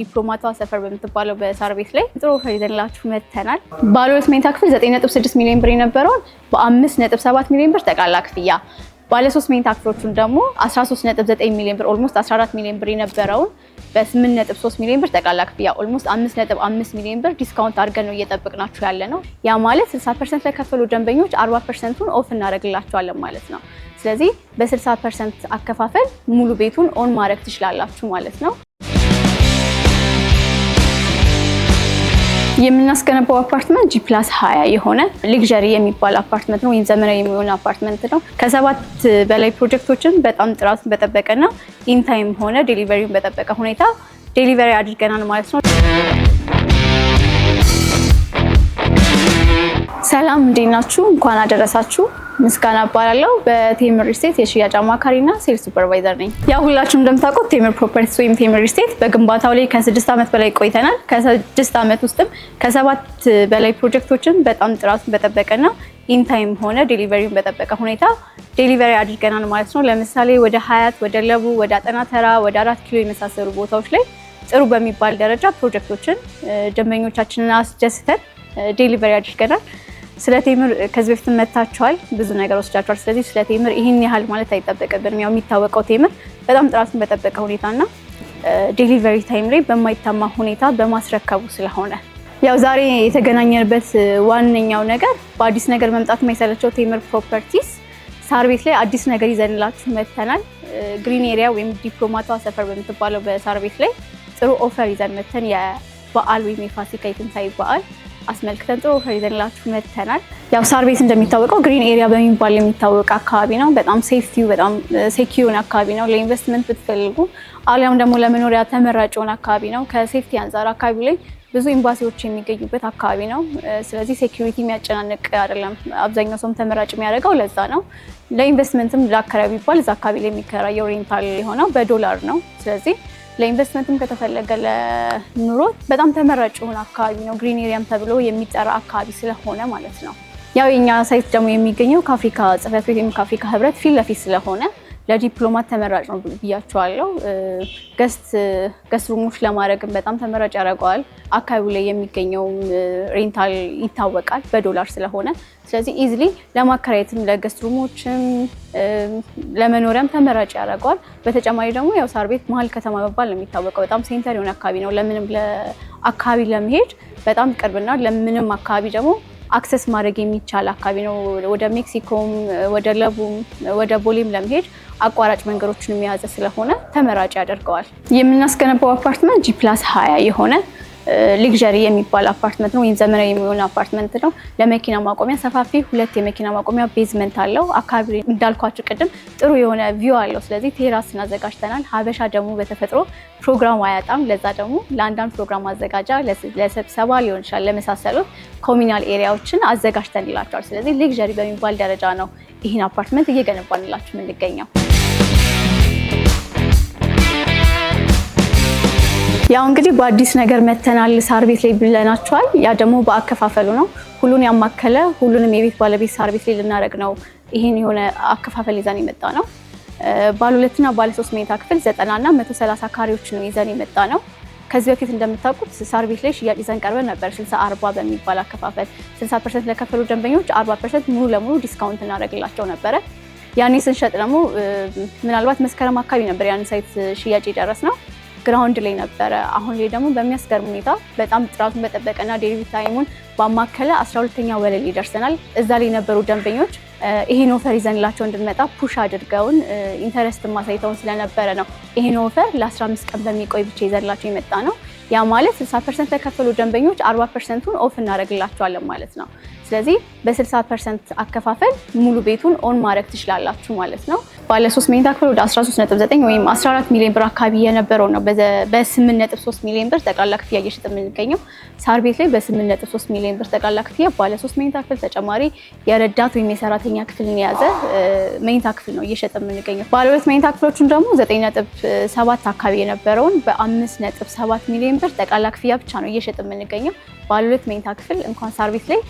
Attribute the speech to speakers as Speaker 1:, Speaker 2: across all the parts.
Speaker 1: ዲፕሎማቷ ሰፈር በምትባለው በሳር ቤት ላይ ጥሩ ይዘንላችሁ መጥተናል። ባለ ሁለት መኝታ ክፍል 9.6 ሚሊዮን ብር የነበረውን በ5.7 ሚሊዮን ብር ጠቃላ ክፍያ ባለ ሶስት መኝታ ክፍሎቹን ደግሞ 13.9 ሚሊዮን ብር ኦልሞስት 14 ሚሊዮን ብር የነበረውን በ8.3 ሚሊዮን ብር ጠቃላ ክፍያ ኦልሞስት 5.5 ሚሊዮን ብር ዲስካውንት አድርገን ነው እየጠበቅናችሁ ያለ ነው። ያ ማለት 60 ፐርሰንት ለከፈሉ ደንበኞች 40 ፐርሰንቱን ኦፍ እናደርግላቸዋለን ማለት ነው። ስለዚህ በ60 ፐርሰንት አከፋፈል ሙሉ ቤቱን ኦን ማድረግ ትችላላችሁ ማለት ነው። የምናስገነባው አፓርትመንት ጂ ፕላስ 20 የሆነ ሌግዣሪ የሚባል አፓርትመንት ነው፣ ወይም ዘመናዊ የሚሆን አፓርትመንት ነው። ከሰባት በላይ ፕሮጀክቶችን በጣም ጥራቱን በጠበቀና ኢንታይም ሆነ ዴሊቨሪውን በጠበቀ ሁኔታ ዴሊቨሪ አድርገናል ማለት ነው። ሰላም እንዴት ናችሁ? እንኳን አደረሳችሁ። ምስጋና እባላለሁ። በቴምር ስቴት የሽያጭ አማካሪና ሴል ሱፐርቫይዘር ነኝ። ያው ሁላችሁም እንደምታውቁት ቴምር ፕሮፐርቲስ ወይም ቴምር ስቴት በግንባታው ላይ ከስድስት ዓመት በላይ ቆይተናል። ከስድስት ዓመት ውስጥም ከሰባት በላይ ፕሮጀክቶችን በጣም ጥራቱን በጠበቀና ኢንታይም ሆነ ዴሊቨሪውን በጠበቀ ሁኔታ ዴሊቨሪ አድርገናል ማለት ነው። ለምሳሌ ወደ ሀያት፣ ወደ ለቡ፣ ወደ አጠና ተራ፣ ወደ አራት ኪሎ የመሳሰሉ ቦታዎች ላይ ጥሩ በሚባል ደረጃ ፕሮጀክቶችን ደንበኞቻችንን አስደስተን ዴሊቨሪ አድርገናል። ስለ ቴምር ከዚህ በፊት መታችኋል፣ ብዙ ነገር ወስዳችኋል። ስለዚህ ስለ ቴምር ይህን ያህል ማለት አይጠበቅብንም። ያው የሚታወቀው ቴምር በጣም ጥራቱን በጠበቀ ሁኔታና ዴሊቨሪ ታይም ላይ በማይታማ ሁኔታ በማስረከቡ ስለሆነ ያው ዛሬ የተገናኘንበት ዋነኛው ነገር በአዲስ ነገር መምጣት የማይሰለቸው ቴምር ፕሮፐርቲስ ሳር ቤት ላይ አዲስ ነገር ይዘንላችሁ መተናል። ግሪን ኤሪያ ወይም ዲፕሎማቷ ሰፈር በምትባለው በሳር ቤት ላይ ጥሩ ኦፈር ይዘን መተን የበዓል ወይም የፋሲካ የትንሳኤ በዓል አስመልክተን ጥሩ ወሬ ይዘንላችሁ መጥተናል። ያው ሳር ቤት እንደሚታወቀው ግሪን ኤሪያ በሚባል የሚታወቅ አካባቢ ነው። በጣም ሴፍቲው በጣም ሴኪዩር አካባቢ ነው። ለኢንቨስትመንት ብትፈልጉ አሊያም ደግሞ ለመኖሪያ ተመራጭ የሆነ አካባቢ ነው። ከሴፍቲ አንጻር አካባቢ ላይ ብዙ ኤምባሲዎች የሚገኙበት አካባቢ ነው። ስለዚህ ሴኪሪቲ የሚያጨናንቅ አይደለም። አብዛኛው ሰውም ተመራጭ የሚያደርገው ለዛ ነው። ለኢንቨስትመንትም ለአከራቢ ቢባል እዛ አካባቢ ላይ የሚከራየው ሬንታል የሆነው በዶላር ነው። ስለዚህ ለኢንቨስትመንትም ከተፈለገ ለኑሮ በጣም ተመራጭ የሆነ አካባቢ ነው። ግሪን ኤሪያም ተብሎ የሚጠራ አካባቢ ስለሆነ ማለት ነው። ያው የኛ ሳይት ደግሞ የሚገኘው ከአፍሪካ ጽሕፈት ቤት ወይም ከአፍሪካ ህብረት ፊት ለፊት ስለሆነ ለዲፕሎማት ተመራጭ ነው ብያቸዋለሁ። ገስት ሩሞች ለማድረግም በጣም ተመራጭ ያደርገዋል። አካባቢው ላይ የሚገኘው ሬንታል ይታወቃል በዶላር ስለሆነ፣ ስለዚህ ኢዝሊ ለማከራየትም ለገስት ሩሞችም ለመኖሪያም ተመራጭ ያደርገዋል። በተጨማሪ ደግሞ ያው ሳር ቤት መሀል ከተማ መባል ነው የሚታወቀው። በጣም ሴንተር የሆነ አካባቢ ነው። ለምንም አካባቢ ለመሄድ በጣም ቅርብና ለምንም አካባቢ ደግሞ አክሰስ ማድረግ የሚቻል አካባቢ ነው። ወደ ሜክሲኮም፣ ወደ ለቡም፣ ወደ ቦሌም ለመሄድ አቋራጭ መንገዶችን የያዘ ስለሆነ ተመራጭ ያደርገዋል። የምናስገነባው አፓርትመንት ጂፕላስ 20 የሆነ ሊግዠሪ የሚባል አፓርትመንት ነው፣ ወይም ዘመናዊ የሚሆን አፓርትመንት ነው። ለመኪና ማቆሚያ ሰፋፊ ሁለት የመኪና ማቆሚያ ቤዝመንት አለው። አካባቢ እንዳልኳችሁ ቅድም ጥሩ የሆነ ቪው አለው። ስለዚህ ቴራስን አዘጋጅተናል። ሀበሻ ደግሞ በተፈጥሮ ፕሮግራም አያጣም። ለዛ ደግሞ ለአንዳንድ ፕሮግራም አዘጋጃ ለስብሰባ ሊሆን ይችላል፣ ለመሳሰሉት ኮሚናል ኤሪያዎችን ይላቸዋል። ስለዚህ ሊግዠሪ በሚባል ደረጃ ነው ይህን አፓርትመንት እየገነባንላችሁ የምንገኘው። ያው እንግዲህ በአዲስ ነገር መተናል ሳር ቤት ላይ ብለናቸዋል። ያ ደግሞ በአከፋፈሉ ነው። ሁሉን ያማከለ ሁሉንም የቤት ባለቤት ሳር ቤት ላይ ልናደርግ ነው። ይህን የሆነ አከፋፈል ይዘን የመጣ ነው። ባለ ሁለትና ባለ ሶስት መኝታ ክፍል ዘጠናና መቶ ሰላሳ ካሬዎች ነው ይዘን የመጣ ነው። ከዚህ በፊት እንደምታውቁት ሳር ቤት ላይ ሽያጭ ይዘን ቀርበን ነበር። 60 40 በሚባል አከፋፈል 60 ፐርሰንት ለከፈሉ ደንበኞች 40 ፐርሰንት ሙሉ ለሙሉ ዲስካውንት እናደርግላቸው ነበረ። ያኔ ስንሸጥ ደግሞ ምናልባት መስከረም አካባቢ ነበር ያን ሳይት ሽያጭ የደረስ ነው። ግራውንድ ላይ ነበረ። አሁን ላይ ደግሞ በሚያስገርም ሁኔታ በጣም ጥራቱን በጠበቀና ዴይሊ ታይሙን ባማከለ 12ኛ ወለል ይደርሰናል። እዛ ላይ የነበሩ ደንበኞች ይሄን ኦፈር ይዘንላቸው እንድንመጣ ፑሽ አድርገውን ኢንተረስት ማሳይተውን ስለነበረ ነው ይሄን ኦፈር ለ15 ቀን በሚቆይ ብቻ ይዘንላቸው የመጣ ነው። ያ ማለት 60 ፐርሰንት ደንበኞች 40 ፐርሰንቱን ኦፍ እናደርግላቸዋለን ማለት ነው። ስለዚህ በ60 ፐርሰንት አከፋፈል ሙሉ ቤቱን ኦን ማድረግ ትችላላችሁ ማለት ነው። ባለ 3 መኝታ ክፍል ወደ 13.9 ወይም 14 ሚሊዮን ብር አካባቢ የነበረው ነው በ8.3 ሚሊዮን ብር ጠቅላላ ክፍያ እየሸጠ የምንገኘው። ሳር ቤት ላይ በ8.3 ሚሊዮን ብር ጠቅላላ ክፍያ ባለ 3 መኝታ ክፍል ተጨማሪ የረዳት ወይም የሰራተኛ ክፍልን የያዘ መኝታ ክፍል ነው እየሸጠ የምንገኘው። ባለ 2 መኝታ ክፍሎቹን ደግሞ 9.7 አካባቢ የነበረውን በ5.7 ሚሊዮን ብር ጠቅላላ ክፍያ ብቻ ነው እየሸጠ የምንገኘው። ባሉት መኝታ ክፍል እንኳን ሳር ቤት ላይ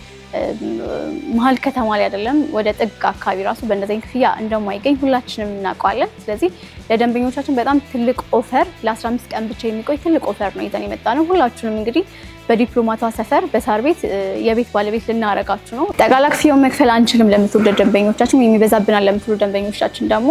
Speaker 1: መሀል ከተማ ላይ አይደለም ወደ ጥግ አካባቢ ራሱ በእንደዚህ ክፍያ እንደማይገኝ ሁላችንም እናውቀዋለን። ስለዚህ ለደንበኞቻችን በጣም ትልቅ ኦፈር ለ15 ቀን ብቻ የሚቆይ ትልቅ ኦፈር ነው ይዘን የመጣ ነው። ሁላችንም እንግዲህ በዲፕሎማቷ ሰፈር በሳር ቤት የቤት ባለቤት ልናረጋችሁ ነው። ጠቅላላ ክፍያውን መክፈል አንችልም ለምትወደ ደንበኞቻችን የሚበዛብናል ለምትሉ ደንበኞቻችን ደግሞ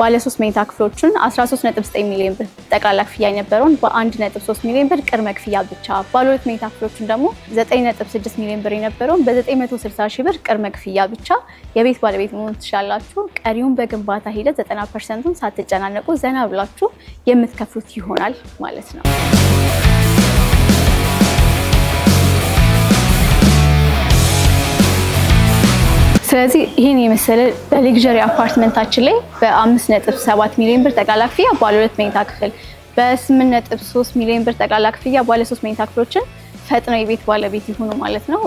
Speaker 1: ባለ 3 መኝታ ክፍሎቹን 13.9 ሚሊዮን ብር ጠቅላላ ክፍያ የነበረውን በ1.3 ሚሊዮን ብር ቅድመ ክፍያ ብቻ፣ ባለ 2 መኝታ ክፍሎቹን ደግሞ 9.6 ሚሊዮን ብር የነበረውን በ960 ሺህ ብር ቅድመ ክፍያ ብቻ የቤት ባለቤት መሆን ትችላላችሁ። ቀሪውን በግንባታ ሂደት 90 ፐርሰንቱን ሳትጨናነቁ ዘና ብላችሁ የምትከፍሉት ይሆናል ማለት ነው። ስለዚህ ይህን የመሰለ በሌግዠሪ አፓርትመንታችን ላይ በ5.7 ሚሊዮን ብር ጠቅላላ ክፍያ ባለ ሁለት መኝታ ክፍል በ8.3 ሚሊዮን ብር ጠቅላላ ክፍያ ባለ ሶስት መኝታ ክፍሎችን ፈጥነው የቤት ባለቤት ይሆኑ ማለት ነው።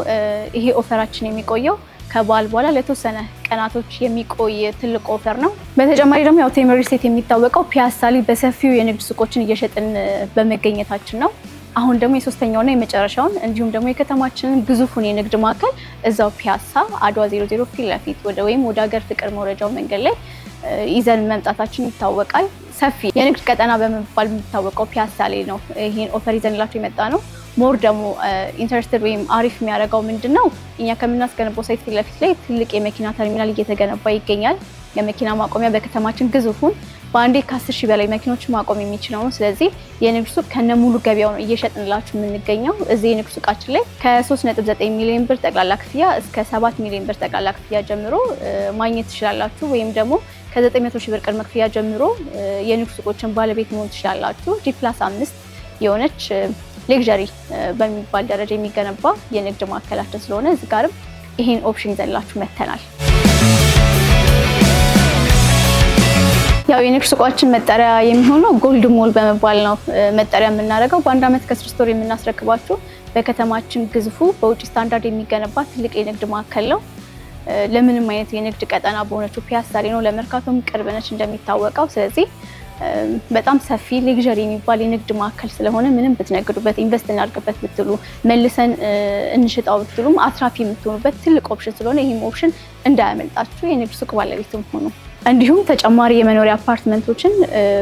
Speaker 1: ይሄ ኦፈራችን የሚቆየው ከበዓል በኋላ ለተወሰነ ቀናቶች የሚቆይ ትልቅ ኦፈር ነው። በተጨማሪ ደግሞ ያው ቴምር ሪል ስቴት የሚታወቀው ፒያሳ ላይ በሰፊው የንግድ ሱቆችን እየሸጥን በመገኘታችን ነው። አሁን ደግሞ የሶስተኛውና የመጨረሻውን እንዲሁም ደግሞ የከተማችንን ግዙፉን የንግድ ማዕከል እዛው ፒያሳ አድዋ ዜሮ ዜሮ ፊት ለፊት ወይም ወደ ሀገር ፍቅር መውረጃው መንገድ ላይ ይዘን መምጣታችን ይታወቃል። ሰፊ የንግድ ቀጠና በመባል የሚታወቀው ፒያሳ ላይ ነው ይህን ኦፈር ይዘንላቸው የመጣ ነው። ሞር ደግሞ ኢንተረስትድ ወይም አሪፍ የሚያደርገው ምንድን ነው? እኛ ከምናስገነባው ሳይት ፊት ለፊት ላይ ትልቅ የመኪና ተርሚናል እየተገነባ ይገኛል። የመኪና ማቆሚያ በከተማችን ግዙፉን በአንዴ ከአስር ሺህ በላይ መኪኖች ማቆም የሚችለው ነው። ስለዚህ የንግድ ሱቅ ከነ ሙሉ ገበያው ነው እየሸጥንላችሁ የምንገኘው። እዚህ የንግድ ሱቃችን ላይ ከ3.9 ሚሊዮን ብር ጠቅላላ ክፍያ እስከ 7 ሚሊዮን ብር ጠቅላላ ክፍያ ጀምሮ ማግኘት ትችላላችሁ። ወይም ደግሞ ከ900 ሺህ ብር ቅድመ ክፍያ ጀምሮ የንግድ ሱቆችን ባለቤት መሆን ትችላላችሁ። ጂ ፕላስ አምስት የሆነች ሌክዠሪ በሚባል ደረጃ የሚገነባ የንግድ ማዕከላችን ስለሆነ እዚህ ጋርም ይህን ኦፕሽን ይዘንላችሁ መጥተናል። ያው የንግድ ሱቃችን መጠሪያ የሚሆነው ጎልድ ሞል በመባል ነው መጠሪያ የምናደርገው። በአንድ ዓመት ከስድስት ወር የምናስረክባችሁ በከተማችን ግዙፉ በውጭ ስታንዳርድ የሚገነባ ትልቅ የንግድ ማዕከል ነው። ለምንም አይነት የንግድ ቀጠና በሆነችው ፒያሳ ላይ ነው። ለመርካቶም ቅርብ ነች እንደሚታወቀው። ስለዚህ በጣም ሰፊ ሌግዠሪ የሚባል የንግድ ማዕከል ስለሆነ ምንም ብትነግዱበት፣ ኢንቨስት እናድርግበት ብትሉ፣ መልሰን እንሽጣው ብትሉም አትራፊ የምትሆኑበት ትልቅ ኦፕሽን ስለሆነ ይህም ኦፕሽን እንዳያመልጣችሁ የንግድ ሱቅ ባለቤትም ሆኑ። እንዲሁም ተጨማሪ የመኖሪያ አፓርትመንቶችን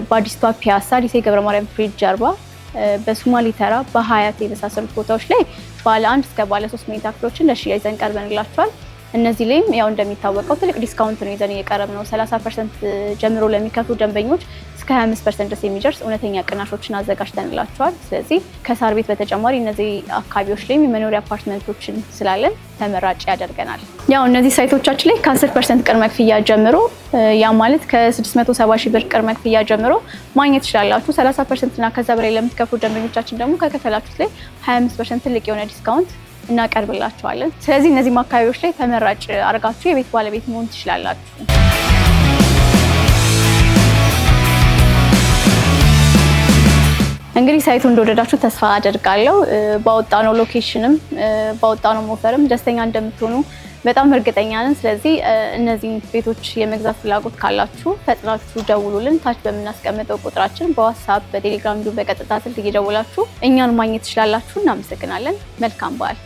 Speaker 1: በአዲስቷ ፒያሳ ሊሴ ገብረ ማርያም ፍሬድ ጀርባ በሱማሌ ተራ በሀያት የመሳሰሉት ቦታዎች ላይ ባለ አንድ እስከ ባለ ሶስት መኝታ ክፍሎችን ለሽያጭ ይዘን ቀርበንላቸዋል። እነዚህ ላይም ያው እንደሚታወቀው ትልቅ ዲስካውንት ነው ይዘን እየቀረብ ነው። 30 ፐርሰንት ጀምሮ ለሚከፍሉ ደንበኞች እስከ 25 ፐርሰንት ድረስ የሚደርስ እውነተኛ ቅናሾችን አዘጋጅተንላቸዋል። ስለዚህ ከሳር ቤት በተጨማሪ እነዚህ አካባቢዎች ላይም የመኖሪያ አፓርትመንቶችን ስላለን ተመራጭ ያደርገናል። ያው እነዚህ ሳይቶቻችን ላይ ከ10 ፐርሰንት ቅድመ ክፍያ ጀምሮ ያ ማለት ከ670 ሺ ብር ቅድመ ክፍያ ጀምሮ ማግኘት ትችላላችሁ። 30 እና ከዛ በላይ ለምትከፍሉ ደንበኞቻችን ደግሞ ከከፈላችሁት ላይ 25 ፐርሰንት ትልቅ የሆነ ዲስካውንት እናቀርብላችኋለን። ስለዚህ እነዚህም አካባቢዎች ላይ ተመራጭ አድርጋችሁ የቤት ባለቤት መሆን ትችላላችሁ። እንግዲህ ሳይቱ እንደወደዳችሁ ተስፋ አደርጋለሁ። ባወጣነው ሎኬሽንም ባወጣነው ሞፈርም ደስተኛ እንደምትሆኑ በጣም እርግጠኛ ነን። ስለዚህ እነዚህ ቤቶች የመግዛት ፍላጎት ካላችሁ ፈጥናችሁ ደውሉልን። ታች በምናስቀምጠው ቁጥራችን በዋትሳፕ በቴሌግራም እንዲሁም በቀጥታ ስልክ እየደውላችሁ እኛን ማግኘት ትችላላችሁ። እናመሰግናለን። መልካም በዓል።